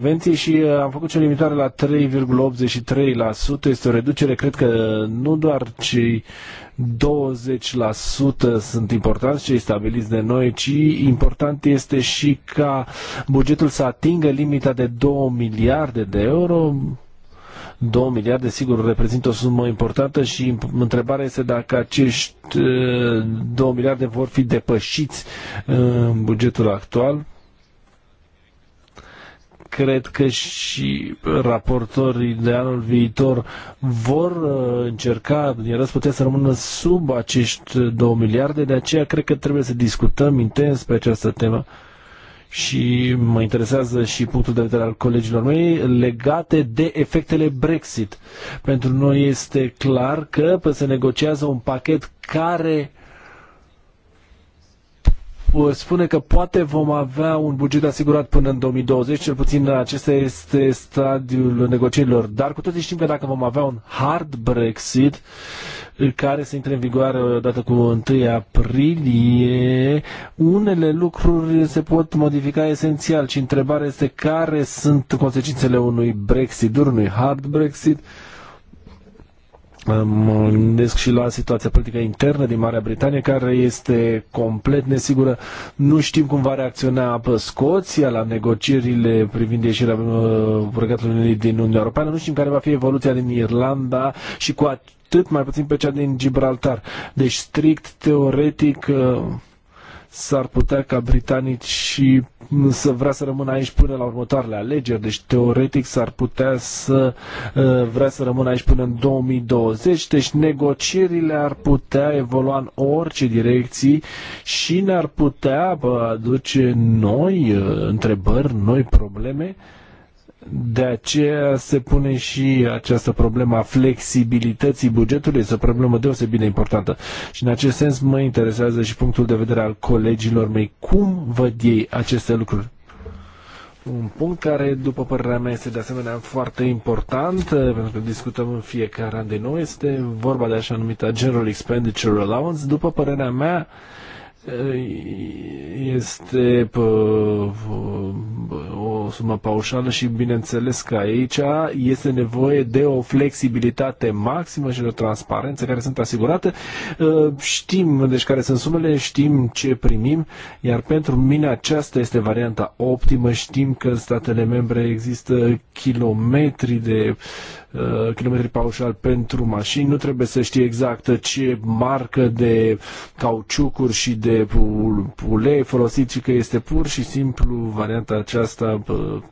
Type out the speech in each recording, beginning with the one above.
subvenții și uh, am făcut o limitare la 3,83%. Este o reducere, cred că nu doar cei 20% sunt importanți cei stabiliți de noi, ci important este și ca bugetul să atingă limita de 2 miliarde de euro. 2 miliarde, sigur, reprezintă o sumă importantă și întrebarea este dacă acești 2 uh, miliarde vor fi depășiți uh, în bugetul actual cred că și raportorii de anul viitor vor uh, încerca din putea să rămână sub acești 2 miliarde, de aceea cred că trebuie să discutăm intens pe această temă și mă interesează și punctul de vedere al colegilor mei legate de efectele Brexit. Pentru noi este clar că se negociază un pachet care uh, spune că poate vom avea un buget asigurat până în 2020, cel puțin acesta este stadiul negocierilor. Dar cu toții știm că dacă vom avea un hard Brexit, care se intre în vigoare odată cu 1 aprilie, unele lucruri se pot modifica esențial și întrebarea este care sunt consecințele unui Brexit, unui hard Brexit, Mă gândesc și la situația politică internă din Marea Britanie, care este complet nesigură. Nu știm cum va reacționa Scoția la negocierile privind ieșirea uh, Regatului Unit din Uniunea Europeană. Nu știm care va fi evoluția din Irlanda și cu atât mai puțin pe cea din Gibraltar. Deci, strict teoretic, uh, s-ar putea ca britanicii să vrea să rămână aici până la următoarele alegeri, deci teoretic s-ar putea să uh, vrea să rămână aici până în 2020, deci negocierile ar putea evolua în orice direcții și ne-ar putea aduce noi uh, întrebări, noi probleme de aceea se pune și această problemă a flexibilității bugetului. Este o problemă deosebit de importantă. Și în acest sens mă interesează și punctul de vedere al colegilor mei. Cum văd ei aceste lucruri? Un punct care, după părerea mea, este de asemenea foarte important, eh, pentru că discutăm în fiecare an de nou, este vorba de așa numită General Expenditure Allowance. După părerea mea, este o sumă paușală și bineînțeles că aici este nevoie de o flexibilitate maximă și de o transparență care sunt asigurate. Ă, știm deci care sunt sumele, știm ce primim, iar pentru mine aceasta este varianta optimă. Știm că în statele membre există kilometri de Uh, km paușal pentru mașini, nu trebuie să știi exact ce marcă de cauciucuri și de ulei folosit, ci că este pur și simplu varianta aceasta uh,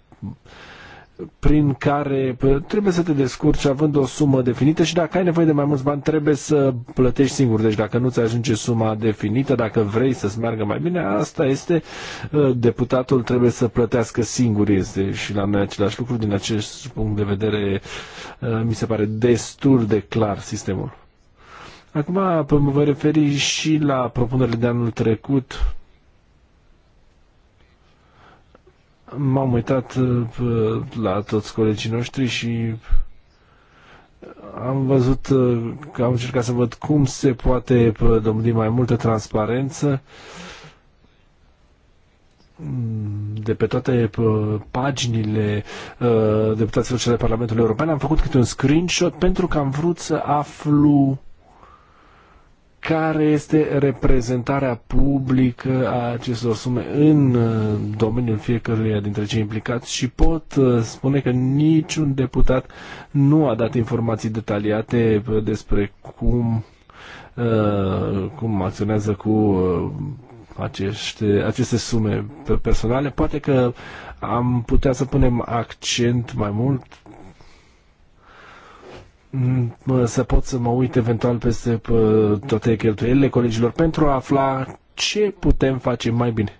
prin care trebuie să te descurci având o sumă definită și dacă ai nevoie de mai mulți bani trebuie să plătești singur. Deci dacă nu ți ajunge suma definită, dacă vrei să-ți meargă mai bine, asta este ă, deputatul trebuie să plătească singur. Este și la noi același lucru. Din acest punct de vedere ă, mi se pare destul de clar sistemul. Acum mă voi referi și la propunerile de anul trecut M-am uitat uh, la toți colegii noștri și am văzut uh, că am încercat să văd cum se poate uh, domni mai multă transparență mm, de pe toate paginile deputaților de Parlamentului European. Am făcut câte un screenshot pentru că am vrut să aflu care este reprezentarea publică a acestor sume în uh, domeniul fiecăruia dintre cei implicați și pot uh, spune că niciun deputat nu a dat informații detaliate uh, despre cum, cum acționează cu aceste, aceste sume personale. Poate că am putea să punem accent mai mult Mm, să pot să mă uit eventual peste toate cheltuielile colegilor pentru a afla ce putem face mai bine.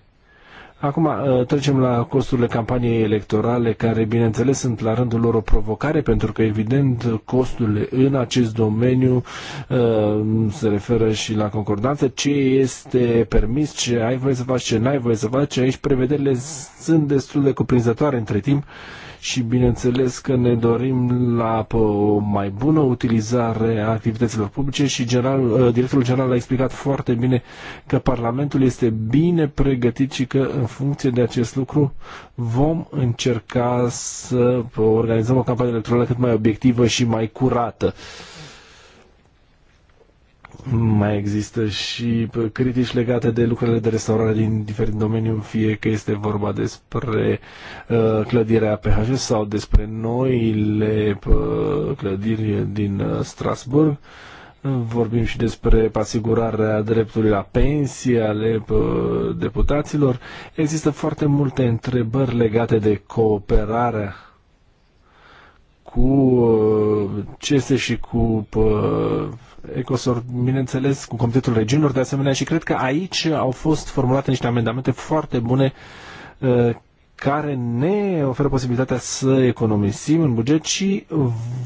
Acum ă, trecem la costurile campaniei electorale, care bineînțeles sunt la rândul lor o provocare, pentru că evident costurile în acest domeniu ă, se referă și la concordanță, ce este permis, ce ai voie să faci, ce n-ai voie să faci, aici prevederile sunt destul de cuprinzătoare între timp și bineînțeles că ne dorim la o mai bună utilizare a activităților publice și general, uh, directorul general a explicat foarte bine că Parlamentul este bine pregătit și că în funcție de acest lucru vom încerca să organizăm o campanie electorală cât mai obiectivă și mai curată. Mai există și critici legate de lucrurile de restaurare din diferit domeniu, fie că este vorba despre uh, clădirea PHS sau despre noile uh, clădiri din uh, Strasburg. Vorbim și despre asigurarea dreptului la pensie ale uh, deputaților. Există foarte multe întrebări legate de cooperarea cu uh, CESE și cu uh, ECOSOR, bineînțeles, cu Comitetul Regiunilor de asemenea și cred că aici au fost formulate niște amendamente foarte bune uh, care ne oferă posibilitatea să economisim în buget și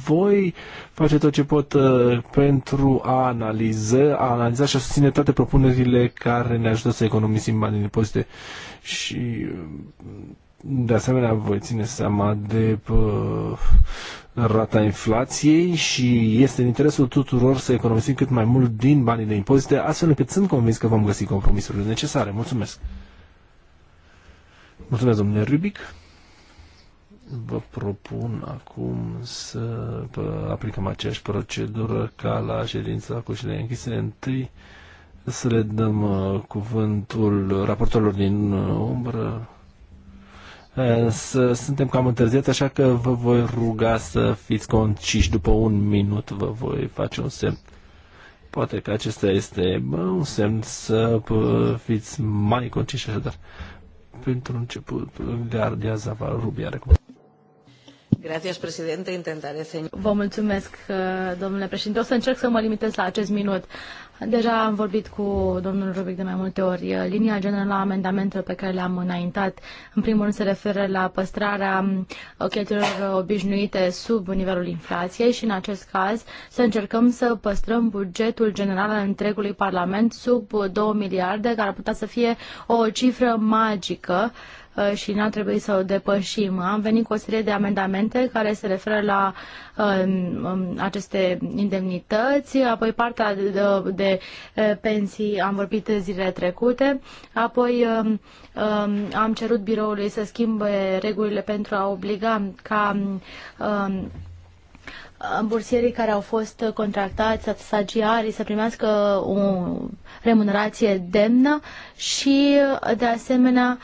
voi face tot ce pot uh, pentru a analiza, a analiza și a susține toate propunerile care ne ajută să economisim bani din impozite și uh, de asemenea voi ține seama de rata inflației și este în interesul tuturor să economisim cât mai mult din banii de impozite, astfel încât sunt convins că vom găsi compromisurile necesare. Mulțumesc! Mulțumesc, domnule Rubic! Vă propun acum să aplicăm aceeași procedură ca la ședința cu ședințe închise. Întâi să le dăm uh, cuvântul raportorilor din uh, umbră, Eh, suntem cam întârziat, așa că vă voi ruga să fiți conciși. După un minut vă voi face un semn. Poate că acesta este bă, un semn să fiți mai conciși, așadar. Pentru început, Gardia Gracias, presidente. Intentaré, señor. Vă mulțumesc, eh, domnule președinte. O să încerc să mă limitez la acest minut. Deja am vorbit cu domnul Rubic de mai multe ori. Linia generală a amendamentelor pe care le-am înaintat, în primul rând, se referă la păstrarea uh, cheltuielor obișnuite sub nivelul inflației și, în acest caz, să încercăm să păstrăm bugetul general al întregului Parlament sub 2 miliarde, care ar putea să fie o cifră magică Uh, și n a trebuit să o depășim. Am venit cu o serie de amendamente care se referă la um, um, aceste indemnități, apoi partea de, de uh, pensii am vorbit zilele trecute, apoi um, am cerut biroului să schimbe regulile pentru a obliga ca bursierii care au fost contractați, stagiarii, să primească un remunerație demnă și, de asemenea,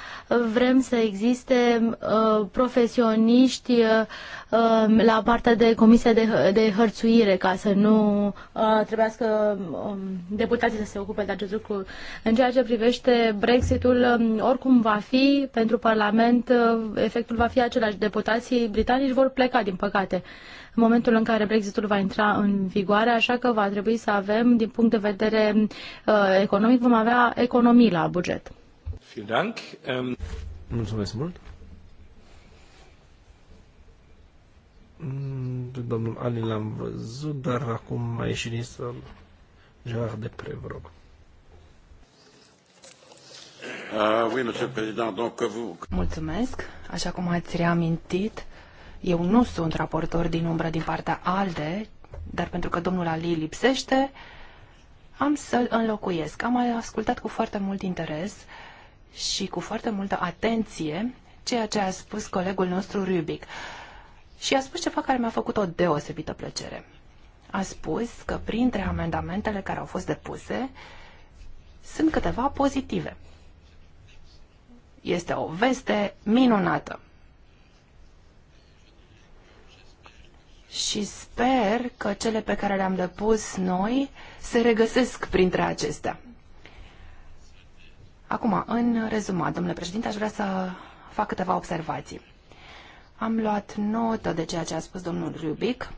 vrem să existe uh, profesioniști uh, um, la partea de comisie de, de hărțuire, ca să nu uh, trebuiască um, deputații să se ocupe de acest lucru. În ceea ce privește Brexitul, um, oricum va fi pentru Parlament, uh, efectul va fi același. Deputații britanici vor pleca, din păcate în momentul în care Brexitul va intra în vigoare, așa că va trebui să avem, din punct de vedere uh, economic, vom avea economii la buget. Ähm, Mulțumesc mult. Pe mm, domnul Ali l-am văzut, dar acum a ieșit din sală Gerard de ah, Prevrog. Mulțumesc. Așa cum ați reamintit, eu nu sunt raportor din umbră din partea ALDE, dar pentru că domnul Ali lipsește, am să-l înlocuiesc. Am ascultat cu foarte mult interes și cu foarte multă atenție ceea ce a spus colegul nostru Rubic. Și a spus ceva care mi-a făcut o deosebită plăcere. A spus că printre amendamentele care au fost depuse sunt câteva pozitive. Este o veste minunată și sper că cele pe care le-am depus noi se regăsesc printre acestea. Acum, în rezumat, domnule președinte, aș vrea să fac câteva observații. Am luat notă de ceea ce a spus domnul Rubic,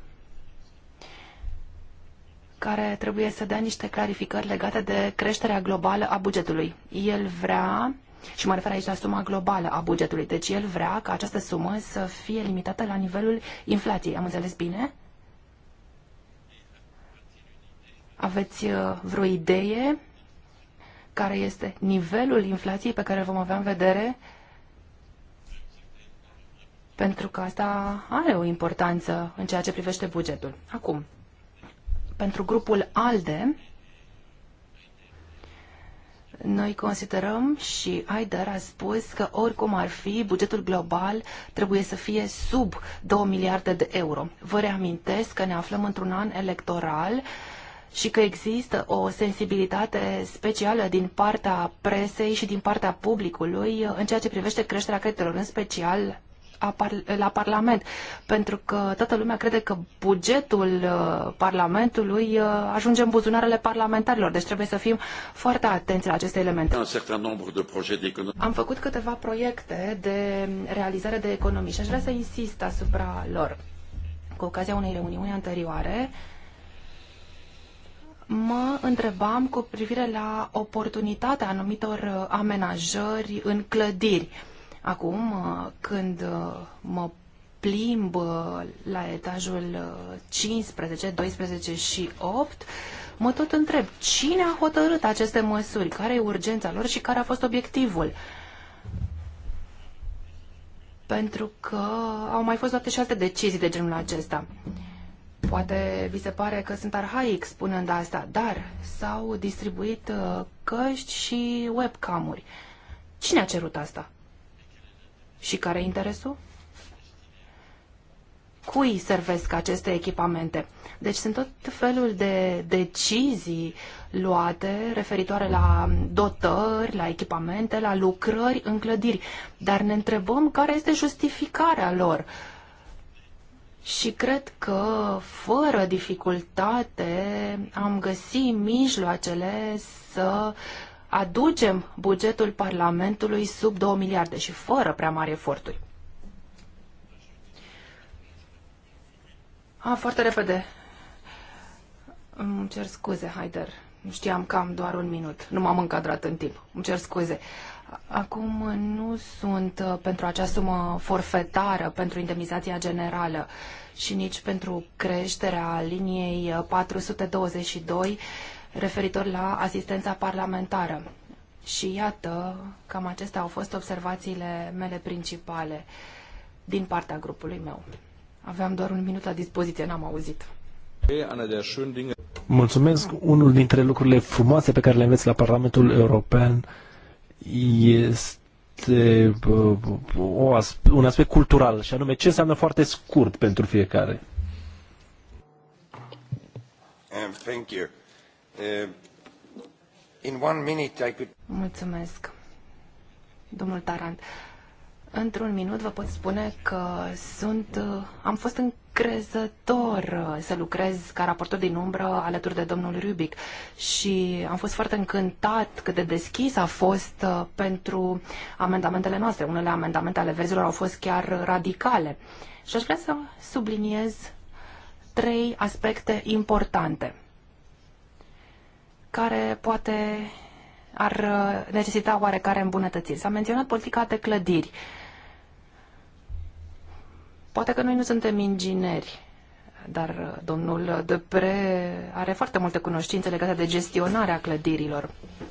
care trebuie să dea niște clarificări legate de creșterea globală a bugetului. El vrea și mă refer aici la suma globală a bugetului. Deci el vrea ca această sumă să fie limitată la nivelul inflației. Am înțeles bine? Aveți uh, vreo idee care este nivelul inflației pe care îl vom avea în vedere? Pentru că asta are o importanță în ceea ce privește bugetul. Acum, pentru grupul ALDE, noi considerăm și Haider a spus că oricum ar fi, bugetul global trebuie să fie sub 2 miliarde de euro. Vă reamintesc că ne aflăm într-un an electoral și că există o sensibilitate specială din partea presei și din partea publicului în ceea ce privește creșterea creditelor, în special la Parlament, pentru că toată lumea crede că bugetul uh, Parlamentului uh, ajunge în buzunarele parlamentarilor, deci trebuie să fim foarte atenți la aceste elemente. Am făcut câteva proiecte de realizare de economii și aș vrea să insist asupra lor. Cu ocazia unei reuniuni anterioare, mă întrebam cu privire la oportunitatea anumitor uh, amenajări în clădiri Acum, uh, când uh, mă plimb uh, la etajul 15, 12 și 8, mă tot întreb cine a hotărât aceste măsuri, care e urgența lor și care a fost obiectivul. Pentru că au mai fost toate și alte decizii de genul acesta. Poate vi se pare că sunt arhaic spunând asta, dar s-au distribuit căști și webcam-uri. Cine a cerut asta? Și care interesul? Cui servesc aceste echipamente? Deci sunt tot felul de decizii luate referitoare la dotări, la echipamente, la lucrări în clădiri. Dar ne întrebăm care este justificarea lor. Și cred că, fără dificultate, am găsit mijloacele să aducem bugetul Parlamentului sub 2 miliarde și fără prea mari eforturi. A, foarte repede. Îmi cer scuze, Haider. Știam că am doar un minut. Nu m-am încadrat în timp. Îmi cer scuze. Acum nu sunt uh, pentru acea sumă forfetară pentru indemnizația generală și nici pentru creșterea liniei 422 uh, referitor la asistența parlamentară. Și iată, cam acestea au fost observațiile mele principale din partea grupului meu. Aveam doar un minut la dispoziție, n-am auzit. Mulțumesc. Unul dintre lucrurile frumoase pe care le înveți la Parlamentul European este uh, o, un aspect cultural, și anume ce înseamnă foarte scurt pentru fiecare. thank you. Uh, in one minute I could... Mulțumesc, domnul Tarant. Într-un minut vă pot spune că sunt, am fost încrezător uh, să lucrez ca raportor din umbră alături de domnul Rubic și am fost foarte încântat cât de deschis a fost uh, pentru amendamentele noastre. Unele amendamente ale verzilor au fost chiar radicale. Și aș vrea să subliniez trei aspecte importante care poate ar uh, necesita oarecare îmbunătățiri. S-a menționat politica de clădiri. Poate că noi nu suntem ingineri, dar uh, domnul Depre are foarte multe cunoștințe legate de gestionarea clădirilor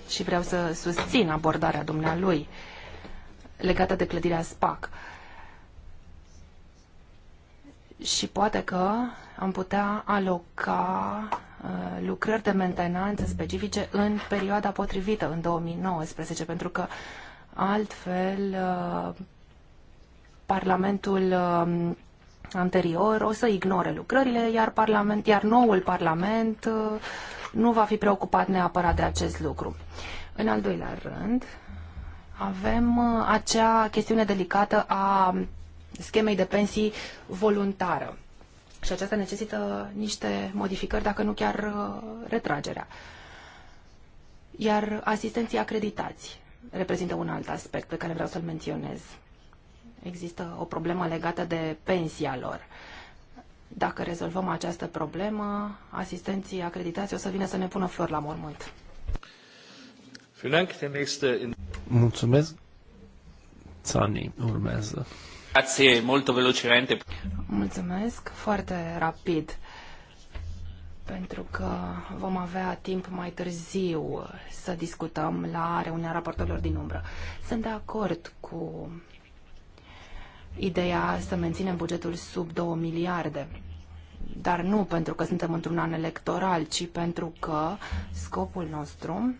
și vreau să susțin abordarea dumnealui legată de clădirea SPAC. Și poate că am putea aloca Uh, lucrări de mentenanță specifice în perioada potrivită, în 2019, pentru că altfel uh, Parlamentul uh, anterior o să ignore lucrările, iar, parlament, iar noul Parlament nu va fi preocupat neapărat de acest lucru. În al doilea rând, avem acea chestiune delicată a schemei de pensii voluntară și aceasta necesită niște modificări, dacă nu chiar uh, retragerea. Iar asistenții acreditați reprezintă un alt aspect pe care vreau să-l menționez. Există o problemă legată de pensia lor. Dacă rezolvăm această problemă, asistenții acreditați o să vină să ne pună flori la mormânt. Mulțumesc. Sani. urmează. Grazie, molto velocemente. Mulțumesc, foarte rapid, pentru că vom avea timp mai târziu să discutăm la reuniunea raportorilor din umbră. Sunt de acord cu ideea să menținem bugetul sub 2 miliarde dar nu pentru că suntem într-un an electoral, ci pentru că scopul nostru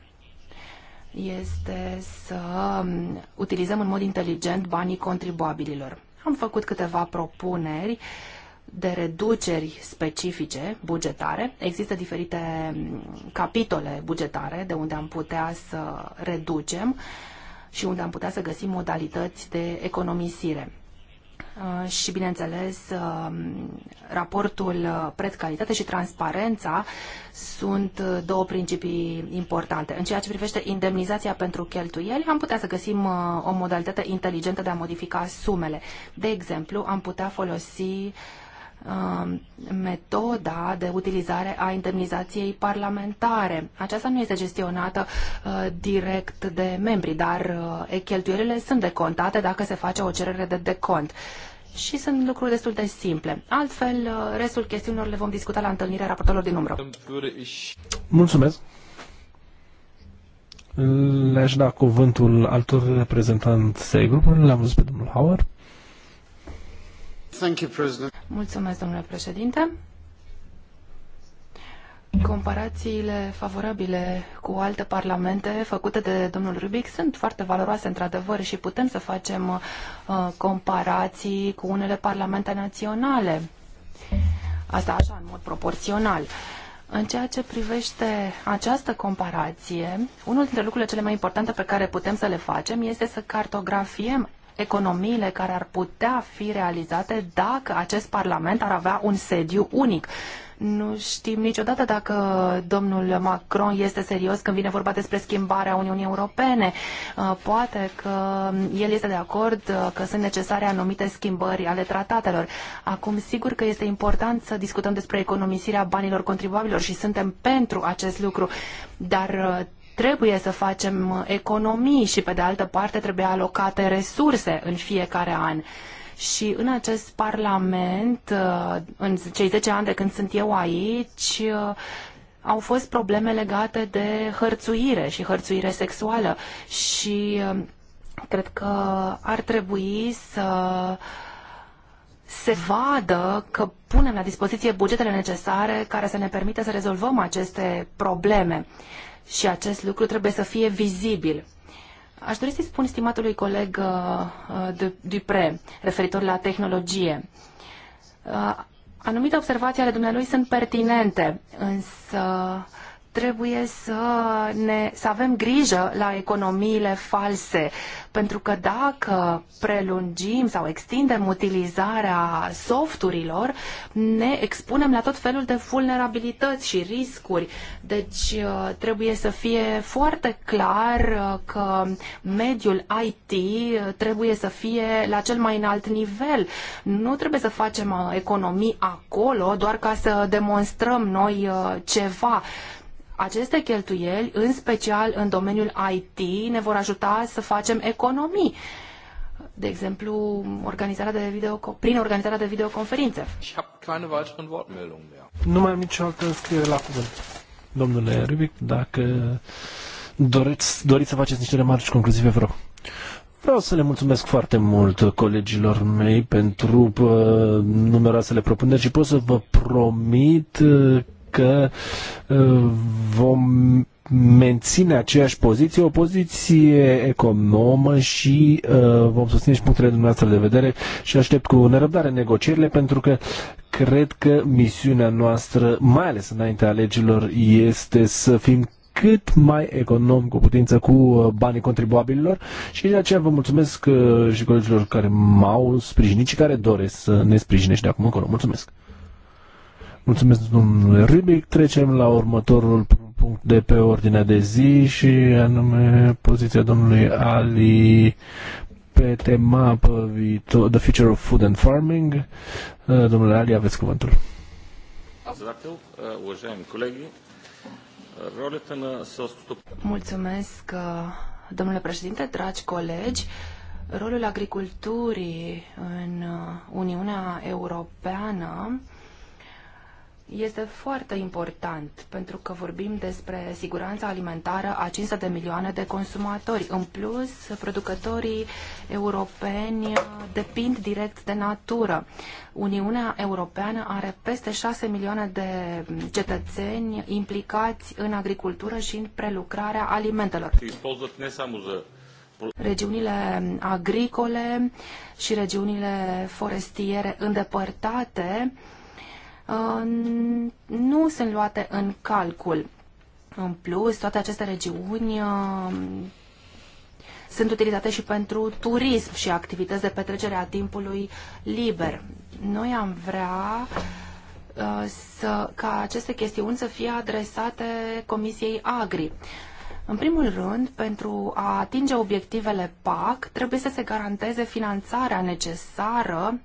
este să utilizăm în mod inteligent banii contribuabililor. Am făcut câteva propuneri de reduceri specifice bugetare. Există diferite mm, capitole bugetare de unde am putea să reducem și unde am putea să găsim modalități de economisire. Uh, și, bineînțeles, um, raportul uh, preț-calitate și transparența sunt uh, două principii importante. În ceea ce privește indemnizația pentru cheltuieli, am putea să găsim o modalitate inteligentă de a modifica sumele. De exemplu, am putea folosi uh, Um, metoda de utilizare a indemnizației parlamentare. Aceasta nu este gestionată uh, direct de membri, dar uh, cheltuielile sunt decontate dacă se face o cerere de decont. Și sunt lucruri destul de simple. Altfel, uh, restul chestiunilor le vom discuta la întâlnirea raportorilor din umbră. Mulțumesc! Le-aș da cuvântul altor reprezentanți ai grupului. L-am văzut pe domnul Howard. Mulțumesc, domnule președinte. Comparațiile favorabile cu alte parlamente făcute de domnul Rubic sunt foarte valoroase într-adevăr și putem să facem uh, comparații cu unele parlamente naționale. Asta așa, în mod proporțional. În ceea ce privește această comparație, unul dintre lucrurile cele mai importante pe care putem să le facem este să cartografiem economiile care ar putea fi realizate dacă acest Parlament ar avea un sediu unic. Nu știm niciodată dacă domnul Macron este serios când vine vorba despre schimbarea Uniunii Europene. Uh, poate că el este de acord uh, că sunt necesare anumite schimbări ale tratatelor. Acum, sigur că este important să discutăm despre economisirea banilor contribuabilor și suntem pentru acest lucru, dar uh, Trebuie să facem uh, economii și, pe de altă parte, trebuie alocate resurse în fiecare an. Și în acest Parlament, uh, în cei 10 ani de când sunt eu aici, uh, au fost probleme legate de hărțuire și hărțuire sexuală și cred că ar trebui să se vadă că punem la dispoziție bugetele necesare care să ne permită să rezolvăm aceste probleme și acest lucru trebuie să fie vizibil. Aș dori să-i spun stimatului coleg uh, uh Dupre, referitor la tehnologie. Uh, anumite observații ale dumnealui sunt pertinente, însă trebuie să, ne, să avem grijă la economiile false, pentru că dacă prelungim sau extindem utilizarea softurilor, ne expunem la tot felul de vulnerabilități și riscuri. Deci uh, trebuie să fie foarte clar uh, că mediul IT uh, trebuie să fie la cel mai înalt nivel. Nu trebuie să facem economii acolo doar ca să demonstrăm noi ceva aceste cheltuieli, în special în domeniul IT, ne vor ajuta să facem economii. De exemplu, organizarea de video, prin organizarea de videoconferințe. Nu mai am nicio altă înscriere la cuvânt. Domnule Rubic, dacă doriți, doriți să faceți niște remarci concluzive, vreau. Vreau să le mulțumesc foarte mult colegilor mei pentru uh, numeroasele propuneri și pot să vă promit uh, că uh, vom menține aceeași poziție, o poziție economă și uh, vom susține și punctele dumneavoastră de vedere și aștept cu nerăbdare negocierile pentru că cred că misiunea noastră, mai ales înaintea alegerilor, este să fim cât mai econom cu putință cu uh, banii contribuabililor și de aceea vă mulțumesc uh, și colegilor care m-au sprijinit și care doresc să ne sprijine și de acum încolo. Mulțumesc! Mulțumesc, domnule Rubic. Trecem la următorul punct de pe ordinea de zi și anume poziția domnului Ali pe tema viitor, The Future of Food and Farming. Uh, domnule Ali, aveți cuvântul. Mulțumesc, uh, domnule președinte, dragi colegi. Rolul agriculturii în uh, Uniunea Europeană este foarte important pentru că vorbim despre siguranța alimentară a 500 de milioane de consumatori. În plus, producătorii europeni depind direct de natură. Uniunea Europeană are peste 6 milioane de cetățeni implicați în agricultură și în prelucrarea alimentelor. Regiunile agricole și regiunile forestiere îndepărtate Uh, nu sunt luate în calcul. În plus, toate aceste regiuni uh, sunt utilizate și pentru turism și activități de petrecere a timpului liber. Noi am vrea uh, să, ca aceste chestiuni să fie adresate Comisiei Agri. În primul rând, pentru a atinge obiectivele PAC, trebuie să se garanteze finanțarea necesară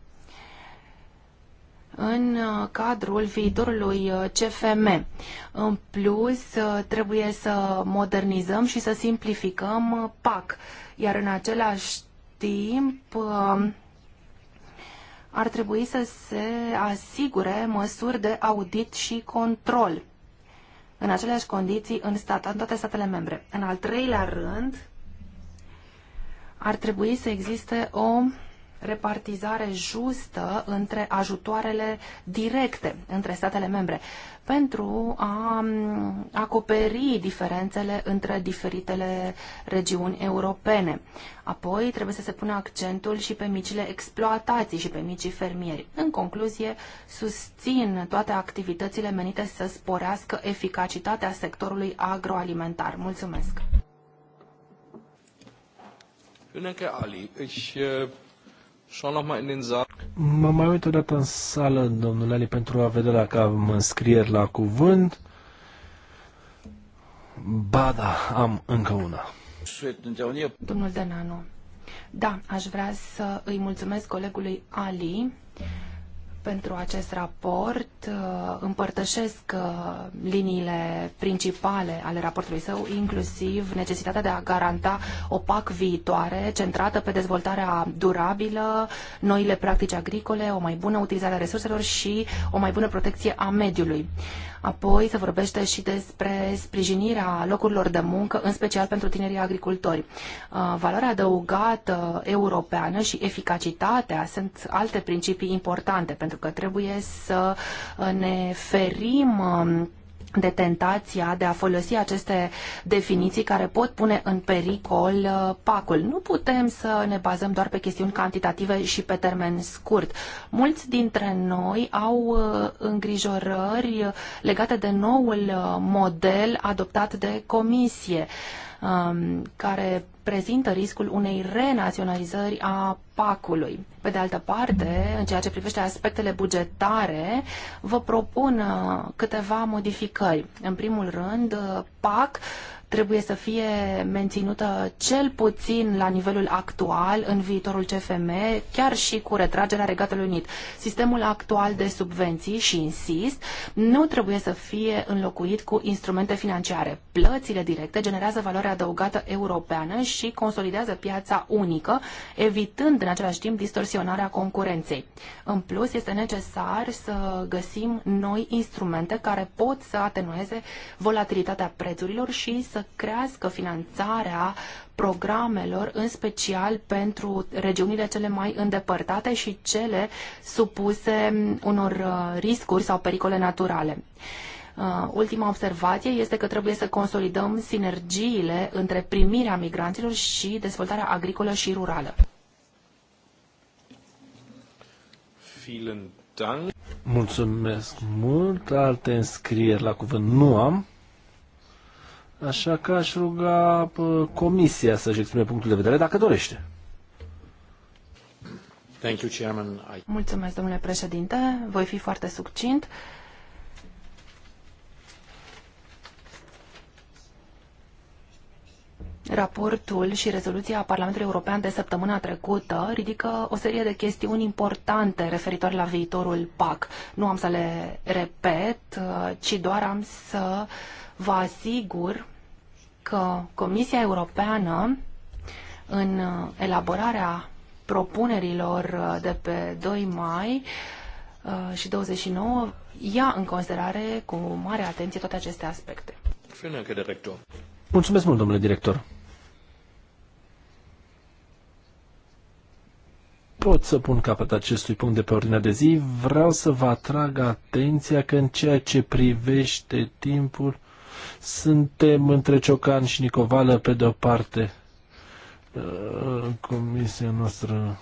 în uh, cadrul viitorului uh, CFM. În plus, uh, trebuie să modernizăm și să simplificăm PAC, iar în același timp ar trebui să se asigure măsuri de audit și control în aceleași condiții în, stat, în toate statele membre. În al treilea rând, ar trebui să existe o repartizare justă între ajutoarele directe între statele membre pentru a acoperi diferențele între diferitele regiuni europene. Apoi trebuie să se pună accentul și pe micile exploatații și pe micii fermieri. În concluzie, susțin toate activitățile menite să sporească eficacitatea sectorului agroalimentar. Mulțumesc! Încă Ali, își Mă mai uit odată în sală, domnule Ali, pentru a vedea dacă am înscrieri la cuvânt. Ba da, am încă una. Domnul Denanu, da, aș vrea să îi mulțumesc colegului Ali pentru acest raport. Uh, împărtășesc uh, liniile principale ale raportului său, inclusiv necesitatea de a garanta o PAC viitoare, centrată pe dezvoltarea durabilă, noile practici agricole, o mai bună utilizare a resurselor și o mai bună protecție a mediului. Apoi se vorbește și despre sprijinirea locurilor de muncă, în special pentru tinerii agricultori. Uh, valoarea adăugată europeană și eficacitatea sunt alte principii importante pentru pentru că trebuie să uh, ne ferim um, de tentația de a folosi aceste definiții care pot pune în pericol uh, pacul. Nu putem să ne bazăm doar pe chestiuni cantitative și pe termen scurt. Mulți dintre noi au uh, îngrijorări legate de noul model adoptat de comisie um, care prezintă riscul unei renaționalizări a PAC-ului. Pe de altă parte, în ceea ce privește aspectele bugetare, vă propun uh, câteva modificări. În primul rând, uh, PAC trebuie să fie menținută cel puțin la nivelul actual în viitorul CFM, chiar și cu retragerea Regatului Unit. Sistemul actual de subvenții, și insist, nu trebuie să fie înlocuit cu instrumente financiare. Plățile directe generează valoare adăugată europeană și consolidează piața unică, evitând în același timp distorsionarea concurenței. În plus, este necesar să găsim noi instrumente care pot să atenueze volatilitatea prețurilor și să crească finanțarea programelor, în special pentru regiunile cele mai îndepărtate și cele supuse unor uh, riscuri sau pericole naturale. Uh, ultima observație este că trebuie să consolidăm sinergiile între primirea migranților și dezvoltarea agricolă și rurală. Mulțumesc mult. Alte înscrieri la cuvânt nu am. Așa că aș ruga Comisia să-și exprime punctul de vedere dacă dorește. Thank you, Chairman. I... Mulțumesc, domnule președinte. Voi fi foarte succint. Raportul și rezoluția Parlamentului European de săptămâna trecută ridică o serie de chestiuni importante referitoare la viitorul PAC. Nu am să le repet, ci doar am să vă asigur că Comisia Europeană în elaborarea propunerilor de pe 2 mai uh, și 29 ia în considerare cu mare atenție toate aceste aspecte. Mulțumesc mult, domnule director. pot să pun capăt acestui punct de pe ordinea de zi, vreau să vă atrag atenția că în ceea ce privește timpul, suntem între Ciocan și Nicovală, pe de-o parte, uh, comisia noastră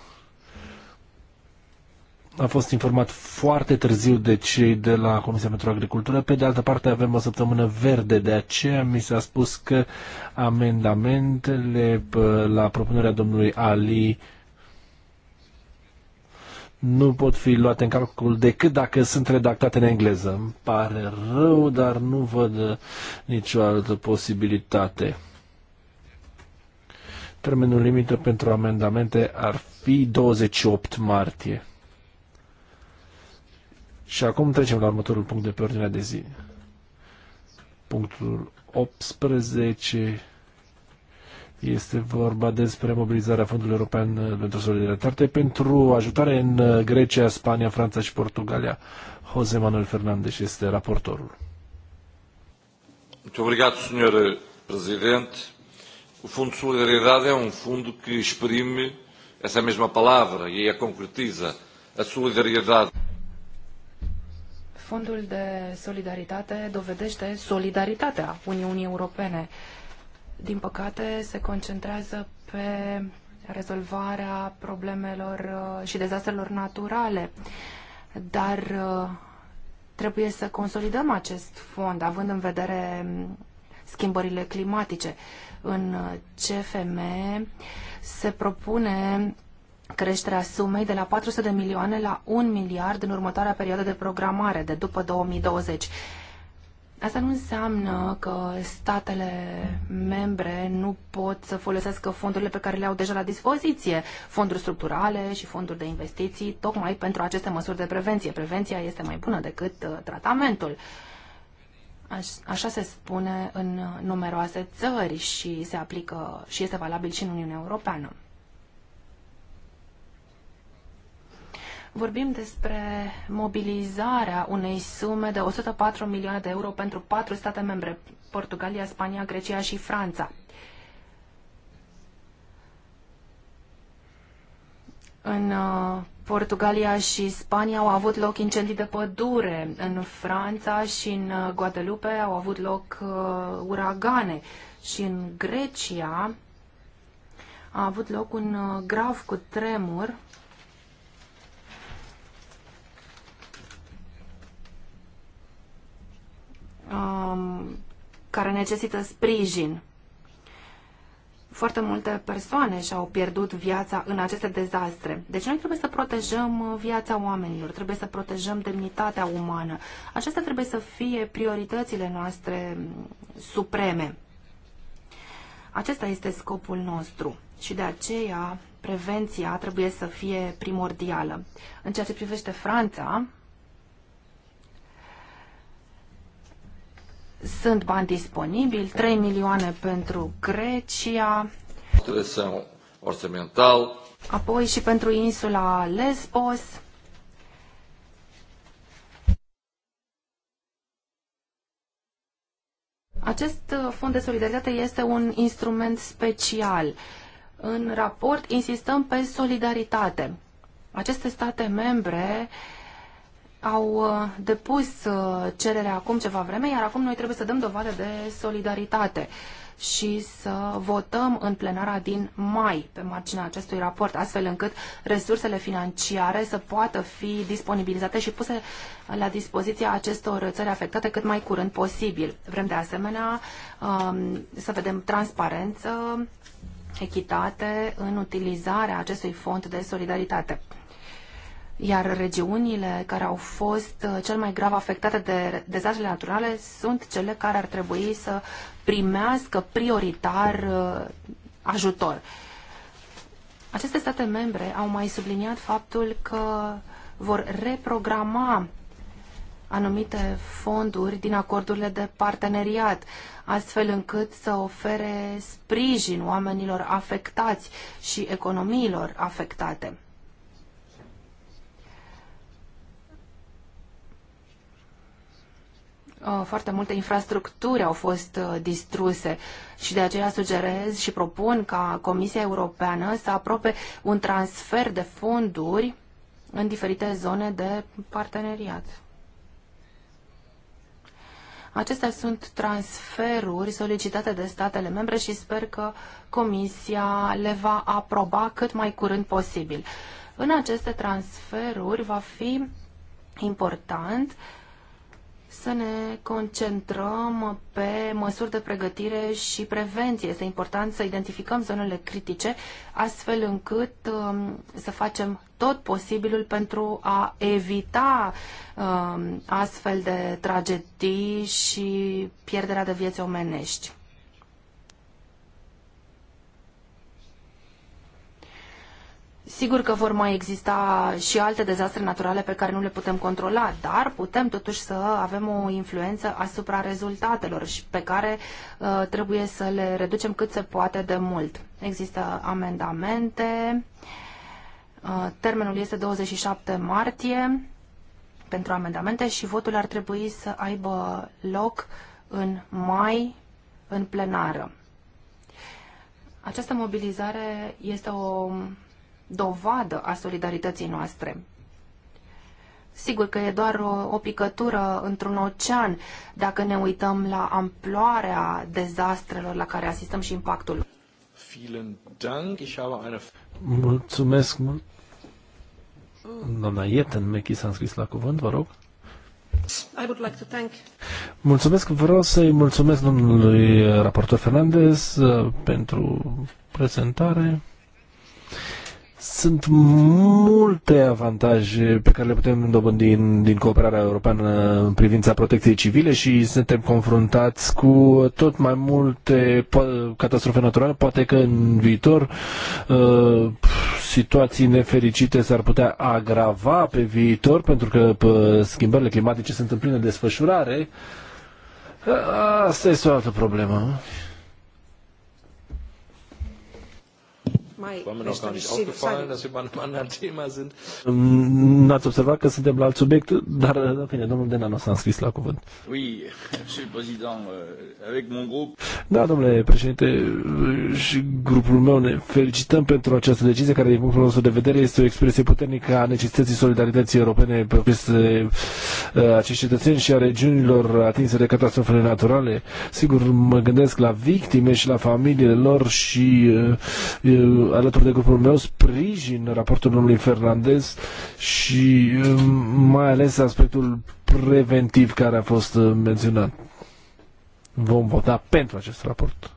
a fost informat foarte târziu de cei de la Comisia pentru Agricultură. Pe de altă parte avem o săptămână verde, de aceea mi s-a spus că amendamentele uh, la propunerea domnului Ali nu pot fi luate în calcul decât dacă sunt redactate în engleză. Îmi pare rău, dar nu văd uh, nicio altă posibilitate. Termenul limită pentru amendamente ar fi 28 martie. Și acum trecem la următorul punct de pe ordinea de zi. Punctul 18 este vorba despre mobilizarea Fondului European pentru Solidaritate pentru ajutare în Grecia, Spania, Franța și Portugalia. Jose Manuel Fernandes este raportorul. Muito obrigado, Sr. Presidente. O Fundo de Solidariedade é um fundo que exprime essa mesma palavra e a concretiza, a solidariedade. Fondul de solidaritate dovedește solidaritatea Uniunii Europene din păcate, se concentrează pe rezolvarea problemelor uh, și dezastrelor naturale. Dar uh, trebuie să consolidăm acest fond, având în vedere um, schimbările climatice. În uh, CFM se propune creșterea sumei de la 400 de milioane la 1 miliard în următoarea perioadă de programare de după 2020. Asta nu înseamnă că statele membre nu pot să folosească fondurile pe care le au deja la dispoziție, fonduri structurale și fonduri de investiții, tocmai pentru aceste măsuri de prevenție. Prevenția este mai bună decât uh, tratamentul. Așa se spune în numeroase țări și se aplică și este valabil și în Uniunea Europeană. Vorbim despre mobilizarea unei sume de 104 milioane de euro pentru patru state membre, Portugalia, Spania, Grecia și Franța. În uh, Portugalia și Spania au avut loc incendii de pădure, în Franța și în uh, Guadalupe au avut loc uh, uragane și în Grecia a avut loc un uh, grav cu tremur um, care necesită sprijin. Foarte multe persoane și-au pierdut viața în aceste dezastre. Deci noi trebuie să protejăm uh, viața oamenilor, trebuie să protejăm demnitatea umană. Acestea trebuie să fie prioritățile noastre mm, supreme. Acesta este scopul nostru și de aceea prevenția trebuie să fie primordială. În ceea ce privește Franța, Sunt bani disponibili, 3 milioane pentru Grecia. Orçamental. Apoi și pentru insula Lesbos. Acest uh, fond de solidaritate este un instrument special. În raport insistăm pe solidaritate. Aceste state membre uh, au uh, depus uh, cererea acum ceva vreme, iar acum noi trebuie să dăm dovadă de solidaritate și să votăm în plenara din mai pe marginea acestui raport, astfel încât resursele financiare să poată fi disponibilizate și puse la dispoziția acestor țări afectate cât mai curând posibil. Vrem de asemenea um, să vedem transparență, echitate în utilizarea acestui fond de solidaritate iar regiunile care au fost uh, cel mai grav afectate de dezastrele naturale sunt cele care ar trebui să primească prioritar uh, ajutor. Aceste state membre au mai subliniat faptul că vor reprograma anumite fonduri din acordurile de parteneriat, astfel încât să ofere sprijin oamenilor afectați și economiilor afectate. Uh, foarte multe infrastructuri au fost uh, distruse și de aceea sugerez și propun ca Comisia Europeană să aprobe un transfer de fonduri în diferite zone de parteneriat. Acestea sunt transferuri solicitate de statele membre și sper că Comisia le va aproba cât mai curând posibil. În aceste transferuri va fi important uh, să ne concentrăm pe măsuri de pregătire și prevenție. Este important să identificăm zonele critice, astfel încât um, să facem tot posibilul pentru a evita um, astfel de tragedii și pierderea de vieți omenești. Sigur că vor mai exista și alte dezastre naturale pe care nu le putem controla, dar putem totuși să avem o influență asupra rezultatelor și pe care uh, trebuie să le reducem cât se poate de mult. Există amendamente, uh, termenul este 27 martie pentru amendamente și votul ar trebui să aibă loc în mai în plenară. Această mobilizare este o dovadă a solidarității noastre. Sigur că e doar o, o picătură într-un ocean dacă ne uităm la amploarea dezastrelor la care asistăm și impactul. Mulțumesc mult. Doamna Ieten Mechi s-a înscris la cuvânt, vă rog. I would like to thank. Mulțumesc, vreau să-i mulțumesc domnului raportor Fernandez uh, pentru prezentare. Sunt multe avantaje pe care le putem dobândi din, din cooperarea europeană în privința protecției civile și suntem confruntați cu tot mai multe catastrofe naturale. Poate că în viitor uh, situații nefericite s-ar putea agrava pe viitor pentru că schimbările climatice sunt în plină desfășurare. Asta este o altă problemă. N-ați observat că suntem la alt subiect, dar, în fine, domnul Denano s-a înscris la cuvânt. Euh, da, domnule președinte, și grupul meu ne felicităm pentru această decizie, care, din punctul nostru de vedere, este o expresie puternică a necesității solidarității europene pe peste uh, acești cetățeni și a regiunilor atinse de catastrofele naturale. Sigur, mă gândesc la victime și la familiile lor și uh, uh, alături de grupul meu, sprijin raportul domnului Fernandez și um, mai ales aspectul preventiv care a fost uh, menționat. Vom vota pentru acest raport.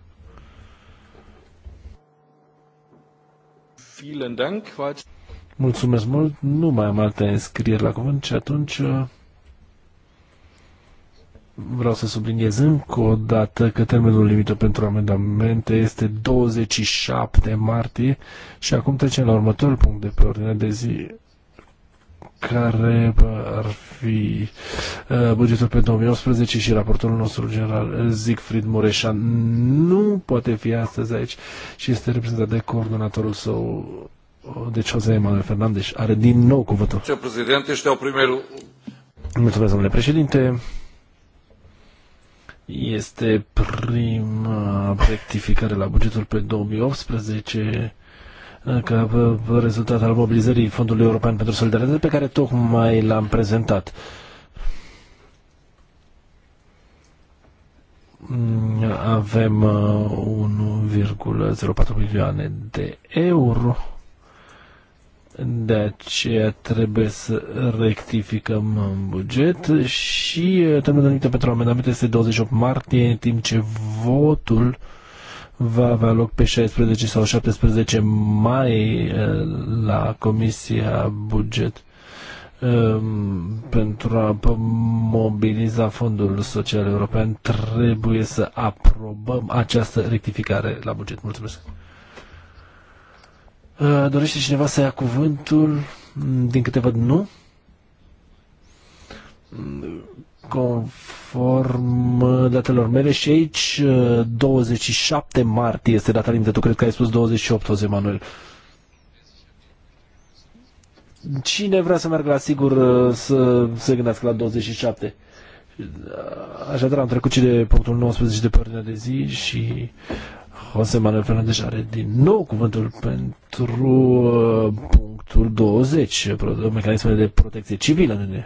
Mulțumesc mult. Nu mai am alte înscrieri la cuvânt și atunci uh, vreau să subliniez încă o dată că termenul limită pentru amendamente este 27 martie și acum trecem la următorul punct de pe ordinea de zi care ar fi uh, bugetul pe 2018 și raportorul nostru general uh, Siegfried Mureșan nu poate fi astăzi aici și este reprezentat de coordonatorul său uh, deci José Emanuel Fernandez are din nou cuvântul. Mulțumesc, domnule președinte. Este prima rectificare la bugetul pe 2018 ca rezultat al mobilizării Fondului European pentru Solidaritate pe care tocmai l-am prezentat. Avem 1,04 uh, milioane de euro de aceea trebuie să rectificăm um, buget și uh, termenul limită pentru amendamente este 28 martie, în timp ce votul va avea loc pe 16 sau 17 mai uh, la Comisia Buget um, pentru a mobiliza Fondul Social European trebuie să aprobăm această rectificare la buget. Mulțumesc! Uh, dorește cineva să ia cuvântul? Mm, din câte văd, nu. Mm, conform uh, datelor mele și aici, 27 uh, martie este data limită. Tu cred că ai spus 28, Jose Manuel. Cine vrea să meargă la sigur să se gândească la 27? Așadar am trecut și de punctul 19 de pe ordinea de zi și José Manuel Fernandez are din nou cuvântul pentru uh, punctul 20, mecanismele de protecție civilă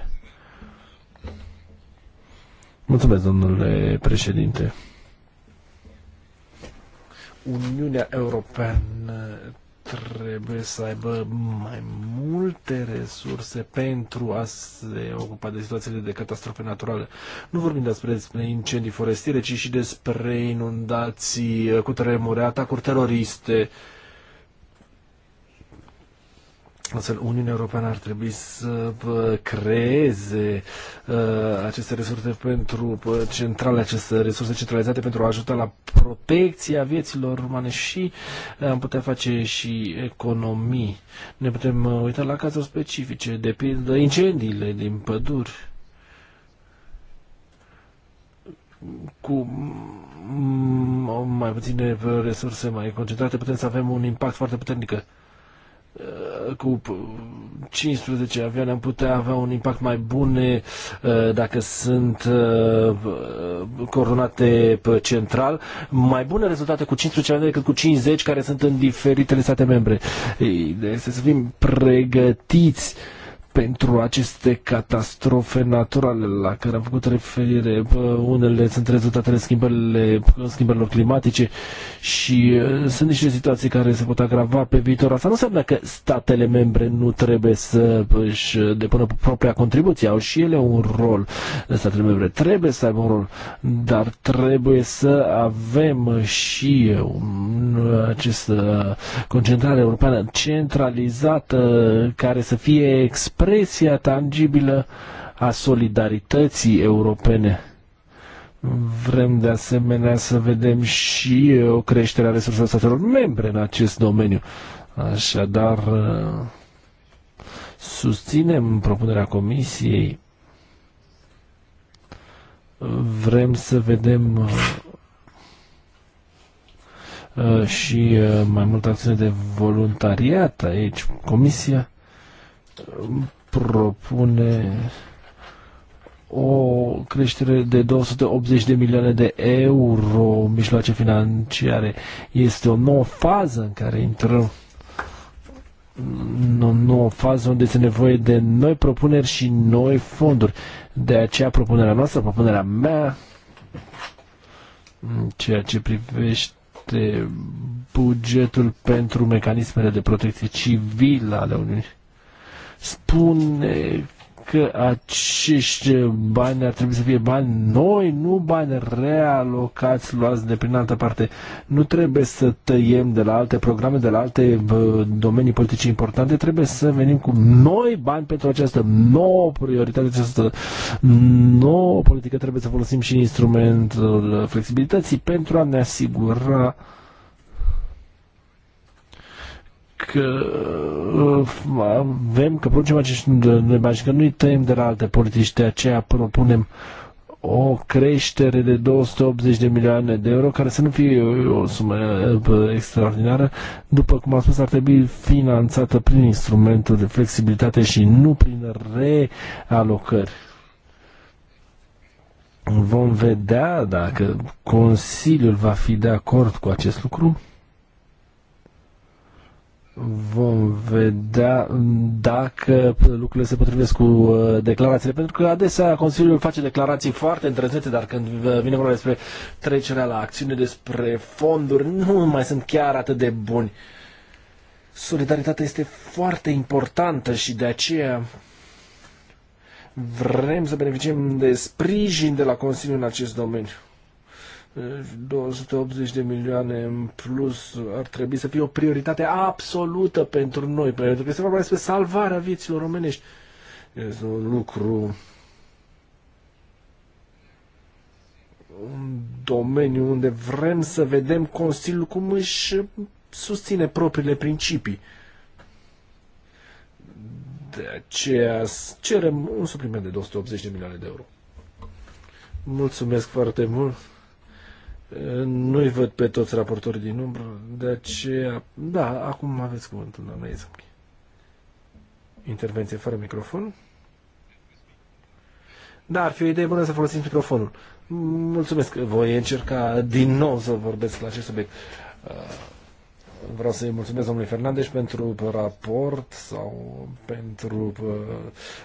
Mulțumesc, domnule președinte. Uniunea Europeană trebuie să aibă mai multe resurse pentru a se ocupa de situațiile de catastrofe naturale. Nu vorbim despre incendii forestiere, ci și despre inundații cu tremure, atacuri teroriste, uh, Astfel, Uniunea Europeană ar trebui să creeze ă, aceste resurse pentru centrale, aceste resurse centralizate pentru a ajuta la protecția vieților umane și am putea face și economii. Ne putem ă, uita la cazuri specifice, de pildă incendiile din păduri cu mai puține resurse mai concentrate putem să avem un impact foarte puternic Uh, cu 15 avioane am putea avea un impact mai bun uh, dacă sunt uh, coordonate pe central, mai bune rezultate cu 15 avioane decât cu 50 care sunt în diferitele state membre. Ei, să fim pregătiți uh, pentru aceste catastrofe naturale la care am făcut referire. Unele sunt rezultatele schimbările, schimbărilor climatice și uh, sunt niște situații care se pot agrava pe viitor. Asta nu înseamnă că statele membre nu trebuie să își depună propria contribuție. Au și ele un rol. Statele membre trebuie să aibă un rol, dar trebuie să avem și această uh, concentrare europeană centralizată care să fie expresă expresia tangibilă a solidarității europene. Vrem de asemenea să vedem și o creștere a resurselor statelor membre în acest domeniu. Așadar, susținem propunerea Comisiei. Vrem să vedem și mai multă acțiune de voluntariat aici. Comisia propune o creștere de 280 de milioane de euro mijloace financiare. Este o nouă fază în care intrăm o nouă fază unde este nevoie de noi propuneri și noi fonduri. De aceea propunerea noastră, propunerea mea, în ceea ce privește bugetul pentru mecanismele de protecție civilă ale Uniunii spune că acești bani ar trebui să fie bani noi, nu bani realocați, luați de prin altă parte. Nu trebuie să tăiem de la alte programe, de la alte domenii politice importante, trebuie să venim cu noi bani pentru această nouă prioritate, această nouă politică. Trebuie să folosim și instrumentul flexibilității pentru a ne asigura uh, că uh, avem, că producem acești noi bani și că nu-i tăiem de la alte politici, de aceea propunem o creștere de 280 de milioane de euro, care să nu fie o sumă uh, extraordinară, după cum am spus, ar trebui finanțată prin instrumentul de flexibilitate și nu prin realocări. Vom vedea dacă Consiliul va fi de acord cu acest lucru. Vom vedea dacă lucrurile se potrivesc cu uh, declarațiile, pentru că adesea Consiliul face declarații foarte interesante, dar când vine vorba despre trecerea la acțiune, despre fonduri, nu mai sunt chiar atât de buni. Solidaritatea este foarte importantă și de aceea vrem să beneficiem de sprijin de la Consiliu în acest domeniu. 280 de milioane în plus ar trebui să fie o prioritate absolută pentru noi, pentru că este vorba despre salvarea vieților românești, Este un lucru un domeniu unde vrem să vedem Consiliul cum își susține propriile principii. De aceea cerem un supliment de 280 de milioane de euro. Mulțumesc foarte mult! Nu-i văd pe toți raportorii din umbră, de aceea, da, acum aveți cuvântul, doamna Izanchi. Intervenție fără microfon. Da, ar fi o idee bună să folosim microfonul. Mulțumesc, voi încerca din nou să vorbesc la acest subiect. Uh, Vreau să-i mulțumesc domnului Fernandez pentru raport sau pentru uh,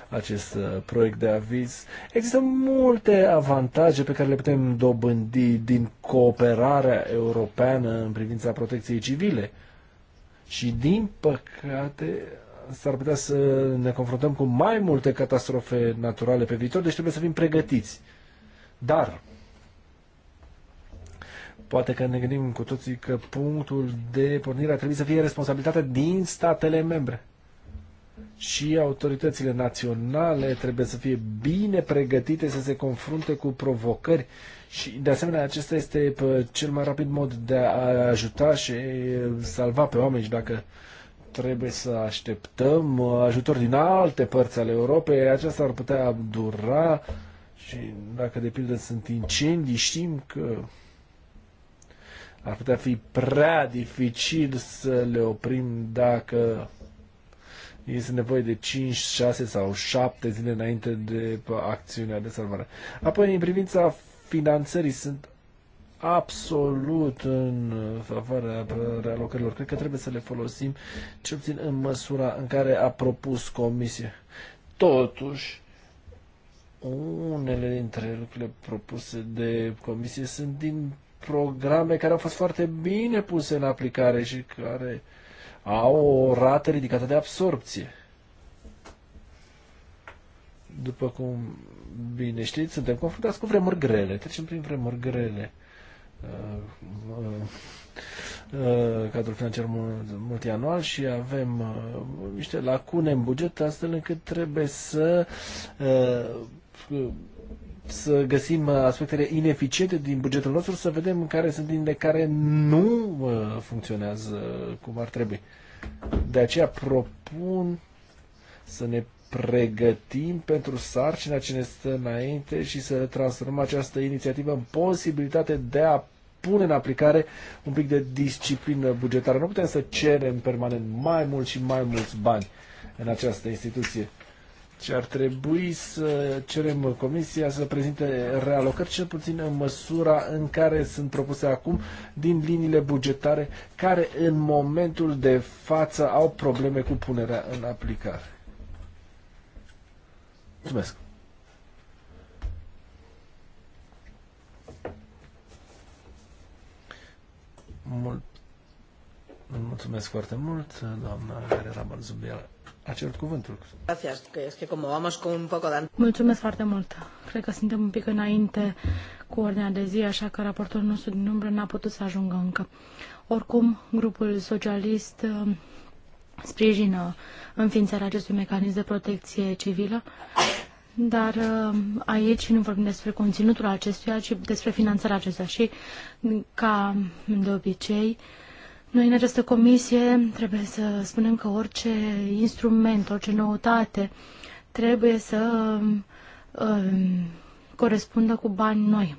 acest uh, proiect de aviz. Există multe avantaje pe care le putem dobândi din cooperarea europeană în privința protecției civile. Și din păcate s-ar putea să ne confruntăm cu mai multe catastrofe naturale pe viitor, deci trebuie să fim pregătiți. Dar Poate că ne gândim cu toții că punctul de pornire ar trebui să fie responsabilitatea din statele membre. Și autoritățile naționale trebuie să fie bine pregătite să se confrunte cu provocări și, de asemenea, acesta este cel mai rapid mod de a ajuta și eh, salva pe oameni și dacă trebuie să așteptăm eh, ajutor din alte părți ale Europei, aceasta ar putea dura și dacă, de pildă, sunt incendii, știm că ar putea fi prea dificil să le oprim dacă este nevoie de 5, 6 sau 7 zile înainte de acțiunea de salvare. Apoi, în privința finanțării, sunt absolut în favoarea realocărilor. Cred că trebuie să le folosim cel puțin în măsura în care a propus Comisia. Totuși, unele dintre lucrurile propuse de Comisie sunt din programe care au fost foarte bine puse în aplicare și care au o rată ridicată de absorpție. După cum bine știți, suntem confruntați cu vremuri grele. Trecem prin vremuri grele. Uh, uh, uh, cadrul financiar multianual și avem niște lacune în buget astfel încât trebuie să să găsim uh, aspectele ineficiente din bugetul nostru, să vedem care sunt din de care nu uh, funcționează cum ar trebui. De aceea propun să ne pregătim pentru sarcina ce ne stă înainte și să transformăm această inițiativă în posibilitate de a pune în aplicare un pic de disciplină bugetară. Nu putem să cerem permanent mai mult și mai mulți bani în această instituție. Și deci ar trebui să cerem Comisia să prezinte realocări cel puțin în măsura în care sunt propuse acum din liniile bugetare care în momentul de față au probleme cu punerea în aplicare. Mulțumesc! Mul- mulțumesc foarte mult, doamna Herrera Balzubiela. Mulțumesc foarte mult. Cred că suntem un pic înainte cu ordinea de zi, așa că raportul nostru din umbră n-a putut să ajungă încă. Oricum, grupul socialist uh, sprijină înființarea acestui mecanism de protecție civilă, dar uh, aici nu vorbim despre conținutul acestuia, ci despre finanțarea acestuia și, ca de obicei, noi în această comisie trebuie să spunem că orice instrument, orice noutate trebuie să um, corespundă cu bani noi.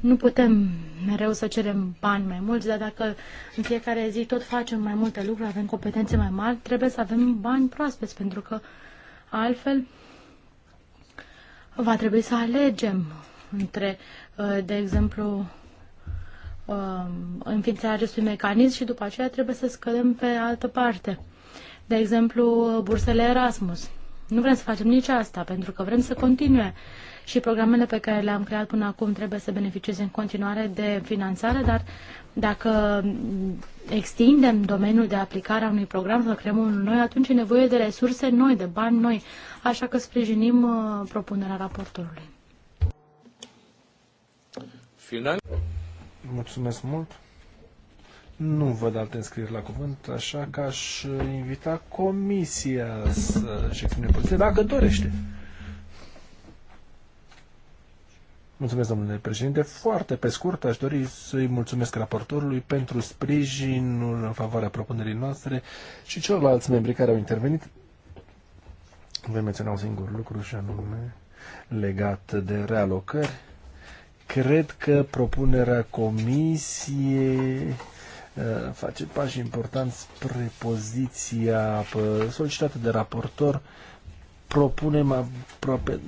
Nu putem mereu să cerem bani mai mulți, dar dacă în fiecare zi tot facem mai multe lucruri, avem competențe mai mari, trebuie să avem bani proaspeți, pentru că altfel va trebui să alegem între, uh, de exemplu, Um, înființarea acestui mecanism și după aceea trebuie să scădem pe altă parte. De exemplu, bursele Erasmus. Nu vrem să facem nici asta, pentru că vrem să continue și programele pe care le-am creat până acum trebuie să beneficieze în continuare de finanțare, dar dacă extindem domeniul de aplicare a unui program, să creăm unul noi, atunci e nevoie de resurse noi, de bani noi. Așa că sprijinim uh, propunerea raportorului. Final. Mulțumesc mult. Nu văd alte înscrieri la cuvânt, așa că aș invita comisia să-și exprime poziția, dacă dorește. Mulțumesc, domnule președinte. Foarte pe scurt, aș dori să-i mulțumesc raportorului pentru sprijinul în favoarea propunerii noastre și celorlalți membri care au intervenit. Voi menționa un singur lucru și anume legat de realocări Cred că propunerea comisiei uh, face pași importanți spre poziția uh, solicitată de raportor. Propunem aproape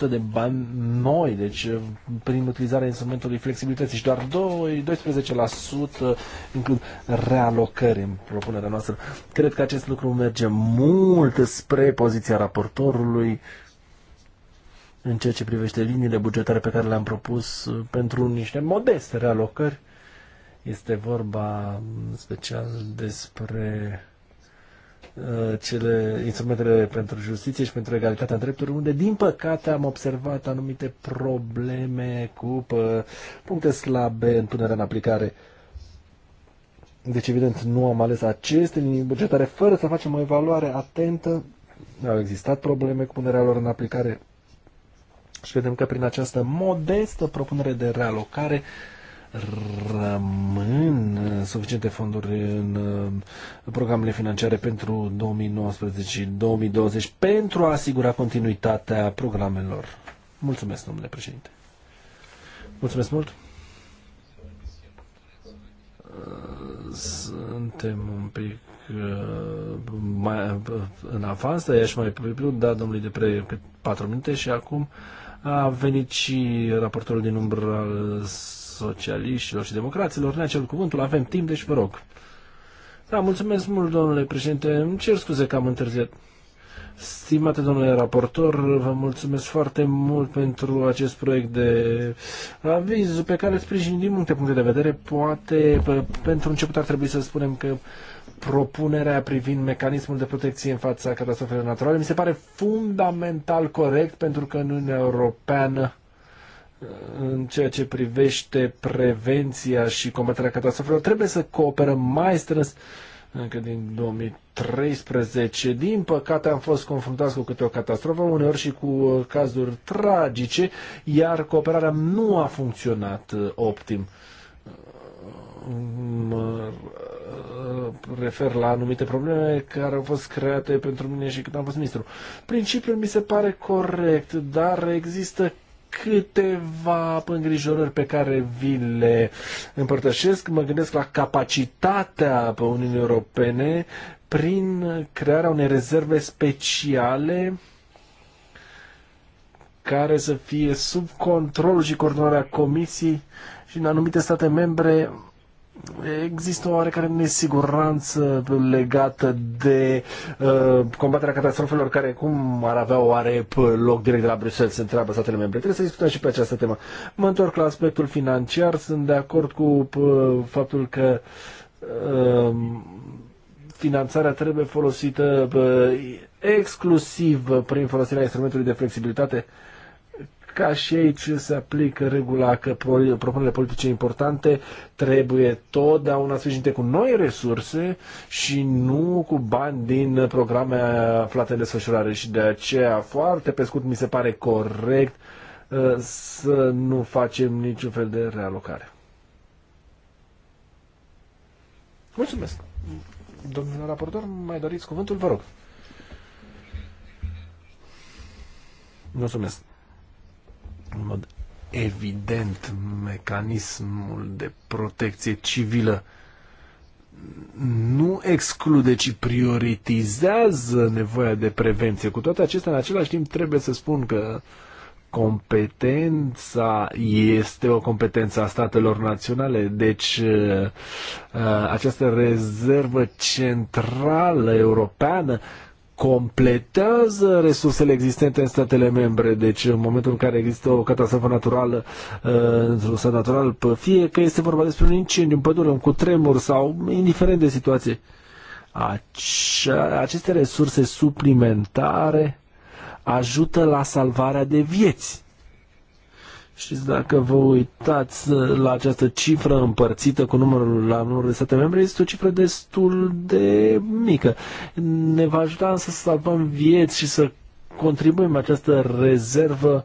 90% de bani noi, deci uh, prin utilizarea instrumentului flexibilității și doar 12% includ realocări în propunerea noastră. Cred că acest lucru merge mult spre poziția raportorului în ceea ce privește liniile bugetare pe care le-am propus uh, pentru niște modeste realocări. Este vorba special despre uh, cele instrumentele pentru justiție și pentru egalitatea drepturi, unde din păcate am observat anumite probleme cu pă, puncte slabe în punerea în aplicare. Deci, evident, nu am ales aceste linii bugetare fără să facem o evaluare atentă. Au existat probleme cu punerea lor în aplicare și vedem că prin această modestă propunere de realocare rămân uh, suficiente fonduri în uh, programele financiare pentru 2019 și 2020 pentru a asigura continuitatea programelor. Mulțumesc, domnule președinte. Mulțumesc mult. Suntem un pic uh, mai în avans, dar i-aș mai da domnului de pre 4 minute și acum a venit și raportorul din umbră al socialiștilor și democraților. Ne-a cerut cuvântul, avem timp, deci vă rog. Da, mulțumesc mult, domnule președinte. Îmi cer scuze că am întârziat. Stimate domnule raportor, vă mulțumesc foarte mult pentru acest proiect de aviz pe care îl sprijin din multe puncte de vedere. Poate, pentru început, ar trebui să spunem că propunerea privind mecanismul de protecție în fața catastrofelor naturale mi se pare fundamental corect pentru că în Uniunea Europeană în ceea ce privește prevenția și combaterea catastrofelor trebuie să cooperăm mai strâns încă din 2013. Din păcate am fost confruntați cu câte o catastrofă, uneori și cu uh, cazuri tragice, iar cooperarea nu a funcționat uh, optim. Uh, refer la anumite probleme care au fost create pentru mine și când am fost ministru. Principiul mi se pare corect, dar există câteva îngrijorări pe care vi le împărtășesc. Mă gândesc la capacitatea pe Uniunii Europene prin crearea unei rezerve speciale care să fie sub control și coordonarea Comisiei și în anumite state membre există o oarecare nesiguranță legată de uh, combaterea catastrofelor care cum ar avea oare loc direct de la Bruxelles, se întreabă statele membre. Trebuie să discutăm și pe această temă. Mă întorc la aspectul financiar, sunt de acord cu uh, faptul că uh, finanțarea trebuie folosită uh, exclusiv prin folosirea instrumentului de flexibilitate uh, ca și aici se aplică regula că propunerile politice importante trebuie totdeauna sprijinite cu noi resurse și nu cu bani din programe aflate în desfășurare și de aceea foarte pe scurt mi se pare corect uh, să nu facem niciun fel de realocare. Mulțumesc. Domnule raportor, mai doriți cuvântul? Vă rog. Mulțumesc în mod evident mecanismul de protecție civilă nu exclude, ci prioritizează nevoia de prevenție. Cu toate acestea, în același timp, trebuie să spun că competența este o competență a statelor naționale, deci uh, uh, această rezervă centrală europeană completează resursele existente în statele membre. Deci în momentul în care există o catastrofă naturală uh, într-un stat natural, fie că este vorba despre un incendiu, un pădure, un cutremur sau indiferent de situație, aceste resurse suplimentare ajută la salvarea de vieți Știți, dacă vă uitați la această cifră împărțită cu numărul la numărul de state membre, este o cifră destul de mică. Ne va ajuta să salvăm vieți și să contribuim această rezervă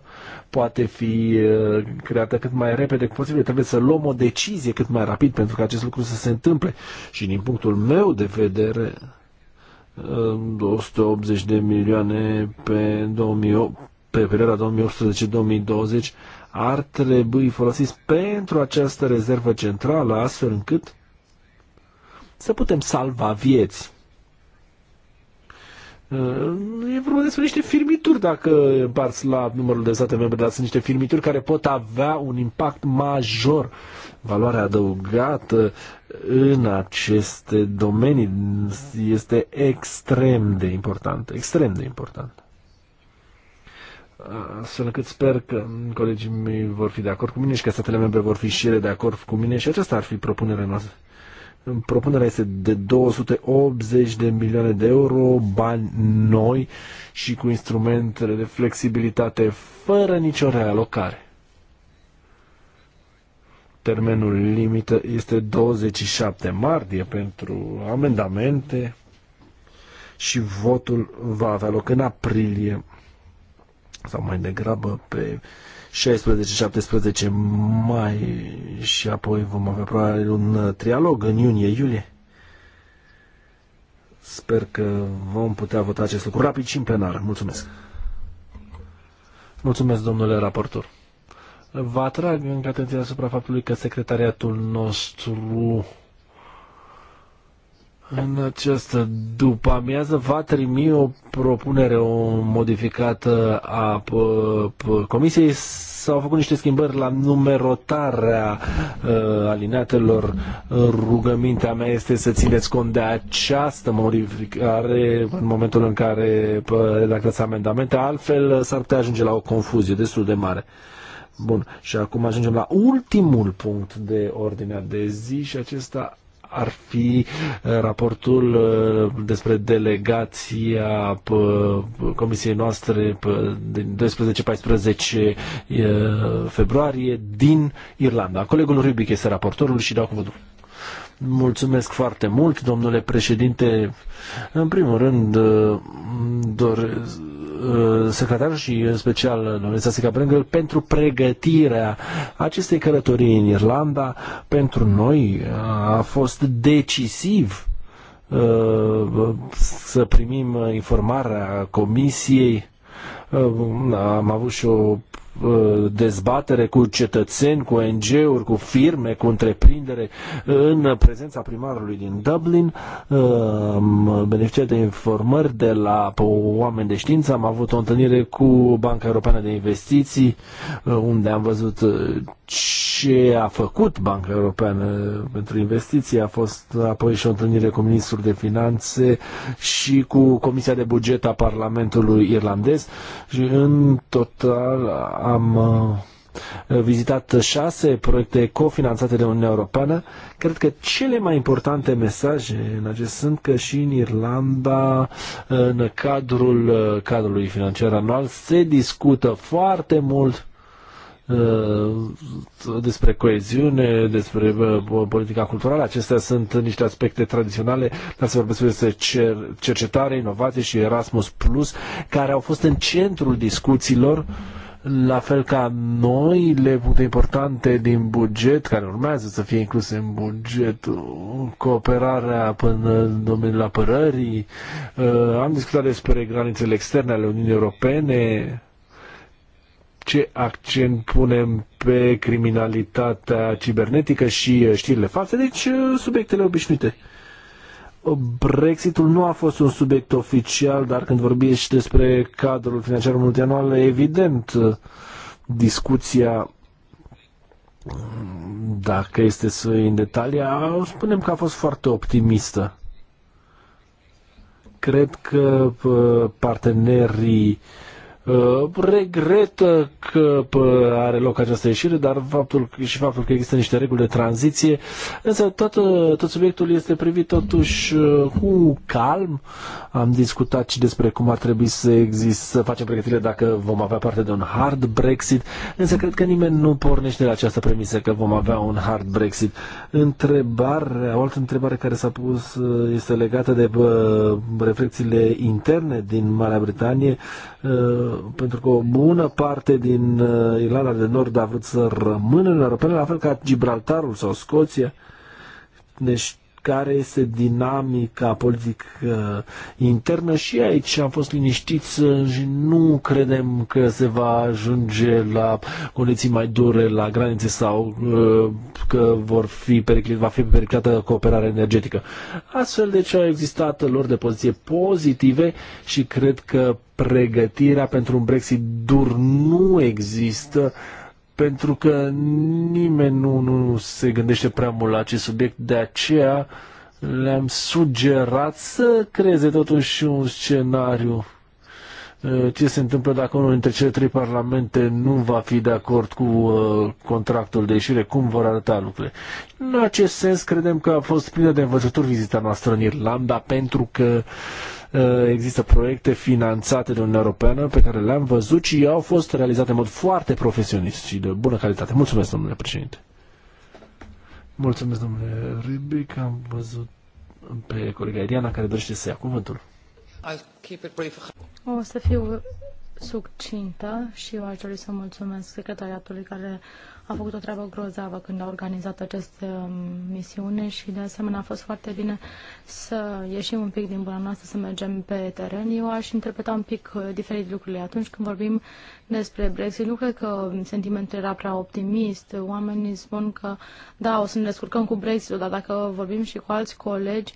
poate fi uh, creată cât mai repede cât posibil. Trebuie să luăm o decizie cât mai rapid pentru că acest lucru să se întâmple. Și din punctul meu de vedere, 280 uh, de milioane pe 2008 pe perioada 2018-2020 ar trebui folosiți pentru această rezervă centrală, astfel încât să putem salva vieți. E vorba despre niște firmituri dacă împarți la numărul de state membre, dar sunt niște firmituri care pot avea un impact major, valoarea adăugată în aceste domenii este extrem de important, extrem de important astfel încât sper că colegii mei vor fi de acord cu mine și că statele membre vor fi și ele de acord cu mine și aceasta ar fi propunerea noastră. Propunerea este de 280 de milioane de euro, bani noi și cu instrumentele de flexibilitate fără nicio realocare. Termenul limită este 27 martie pentru amendamente și votul va avea loc în aprilie sau mai degrabă pe 16-17 mai și apoi vom avea probabil un uh, trialog în iunie-iulie. Sper că vom putea vota acest lucru rapid și în plenar. Mulțumesc! Mulțumesc, domnule raportor! Vă atrag încă atenția asupra faptului că secretariatul nostru în această după amiază va trimi o propunere o modificată a comisiei. S-au făcut niște schimbări la numerotarea uh, alineatelor. Rugămintea mea este să țineți cont de această modificare în momentul în care redactați amendamente, altfel uh, s-ar putea ajunge la o confuzie destul de mare. Bun, și acum ajungem la ultimul punct de ordinea de zi și acesta ar fi uh, raportul uh, despre delegația uh, comisiei noastre din 12-14 februarie din Irlanda. Colegul Rubic este raportorul și dau cuvântul. Mulțumesc foarte mult, domnule președinte. În primul rând, uh, dor, uh, secretarul și în special Lorenza Brângel, pentru pregătirea acestei călătorii în Irlanda. Pentru noi a fost decisiv uh, să primim informarea comisiei am avut și o Uh, dezbatere cu cetățeni, cu ONG-uri, cu firme, cu întreprindere în prezența primarului din Dublin. Uh, am beneficiat de informări de la oameni de știință. Am avut o întâlnire cu Banca Europeană de Investiții, uh, unde am văzut ce a făcut Banca Europeană pentru investiții. A fost apoi și o întâlnire cu Ministrul de Finanțe și cu Comisia de Buget a Parlamentului Irlandez. Și în total am uh, vizitat șase proiecte cofinanțate de Uniunea Europeană. Cred că cele mai importante mesaje în acest sunt că și în Irlanda, în cadrul uh, cadrului financiar anual, se discută foarte mult uh, despre coeziune, despre politica culturală. Acestea sunt niște aspecte tradiționale, dar se vorbesc despre cercetare, inovație și Erasmus Plus, care au fost în centrul discuțiilor la fel ca noile puncte importante din buget, care urmează să fie incluse în buget, cooperarea până în domeniul apărării. Uh, am discutat despre granițele externe ale Uniunii Europene, ce accent punem pe criminalitatea cibernetică și uh, știrile false, deci uh, subiectele obișnuite. Brexitul nu a fost un subiect oficial, dar când vorbiți despre cadrul financiar multianual, evident, uh, discuția dacă este să în detalii, spunem că a fost foarte optimistă. Cred că partenerii uh, Uh, regretă că are loc această ieșire, dar faptul, și faptul că există niște reguli de tranziție, însă tot, tot subiectul este privit totuși uh, cu calm. Am discutat și despre cum ar trebui să exist, să facem pregătirile dacă vom avea parte de un hard Brexit, însă cred că nimeni nu pornește la această premisă că vom avea un hard Brexit. Întrebare, o altă întrebare care s-a pus uh, este legată de reflexiile interne din Marea Britanie pentru că o bună parte din uh, Irlanda de Nord a vrut să rămână în Europa, la fel ca Gibraltarul sau Scoția. Deci care este dinamica politică uh, internă și aici am fost liniștiți uh, și nu credem că se va ajunge la condiții mai dure la granițe sau uh, că vor fi periclit, va fi periclată cooperarea energetică. Astfel, deci, au existat lor de poziție pozitive și cred că pregătirea pentru un Brexit dur nu există uh, pentru că nimeni nu, nu se gândește prea mult la acest subiect, de aceea le-am sugerat să creeze totuși un scenariu uh, ce se întâmplă dacă unul dintre cele trei parlamente nu va fi de acord cu uh, contractul de ieșire, cum vor arăta lucrurile. În acest sens, credem că a fost plină de învățături vizita noastră în Irlanda, pentru că uh, Uh, există proiecte finanțate de Uniunea Europeană pe care le-am văzut și au fost realizate în mod foarte profesionist și de bună calitate. Mulțumesc, domnule președinte. Mulțumesc, domnule Ribic. Am văzut pe colega Iriana care dorește să ia cuvântul. O să fiu succintă și eu aș dori să mulțumesc secretariatului care a făcut o treabă grozavă când a organizat această um, misiune și de asemenea a fost foarte bine să ieșim un pic din buna noastră, să mergem pe teren. Eu aș interpreta un pic uh, diferit lucrurile. Atunci când vorbim despre Brexit, nu cred că sentimentul era prea optimist. Oamenii spun că da, o să ne descurcăm cu Brexit, dar dacă vorbim și cu alți colegi,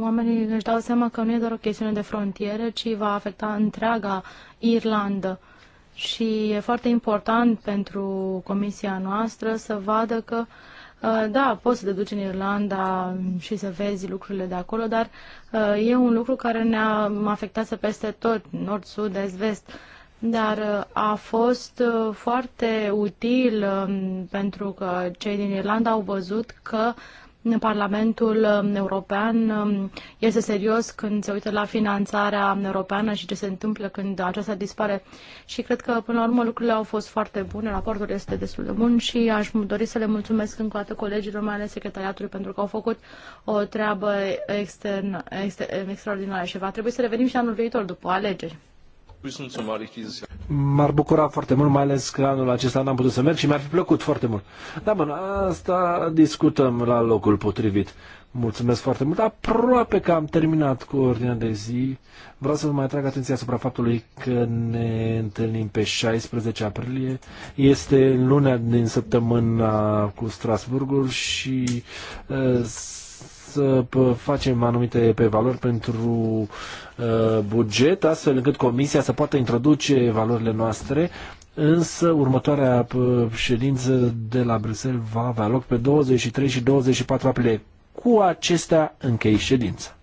Oamenii își dau seama că nu e doar o chestiune de frontiere, ci va afecta întreaga Irlandă și e foarte important pentru comisia noastră să vadă că, uh, da, poți să te duci în Irlanda și să vezi lucrurile de acolo, dar uh, e un lucru care ne-a afectat să peste tot, nord, sud, est, vest. Dar uh, a fost foarte util um, pentru că cei din Irlanda au văzut că Parlamentul um, European um, este serios când se uită la finanțarea europeană și ce se întâmplă când aceasta dispare. Și cred că, până la urmă, lucrurile au fost foarte bune, raportul este destul de bun și aș dori să le mulțumesc încă o dată colegilor, mai ales secretariatului, pentru că au făcut o treabă extern, extern, extraordinară și va trebui să revenim și anul viitor după alegeri. M-ar bucura foarte mult, mai ales că anul acesta n-am putut să merg și mi-ar fi plăcut foarte mult. Da, bun, asta discutăm la locul potrivit. Mulțumesc foarte mult. Aproape că am terminat cu ordinea de zi. Vreau să vă mai atrag atenția asupra faptului că ne întâlnim pe 16 aprilie. Este lunea din săptămâna cu Strasburgul și uh, să facem anumite pe valori pentru uh, buget, astfel încât Comisia să poată introduce valorile noastre Însă următoarea ședință de la Bruxelles va avea loc pe 23 și 24 aprilie. Cu acestea închei ședința.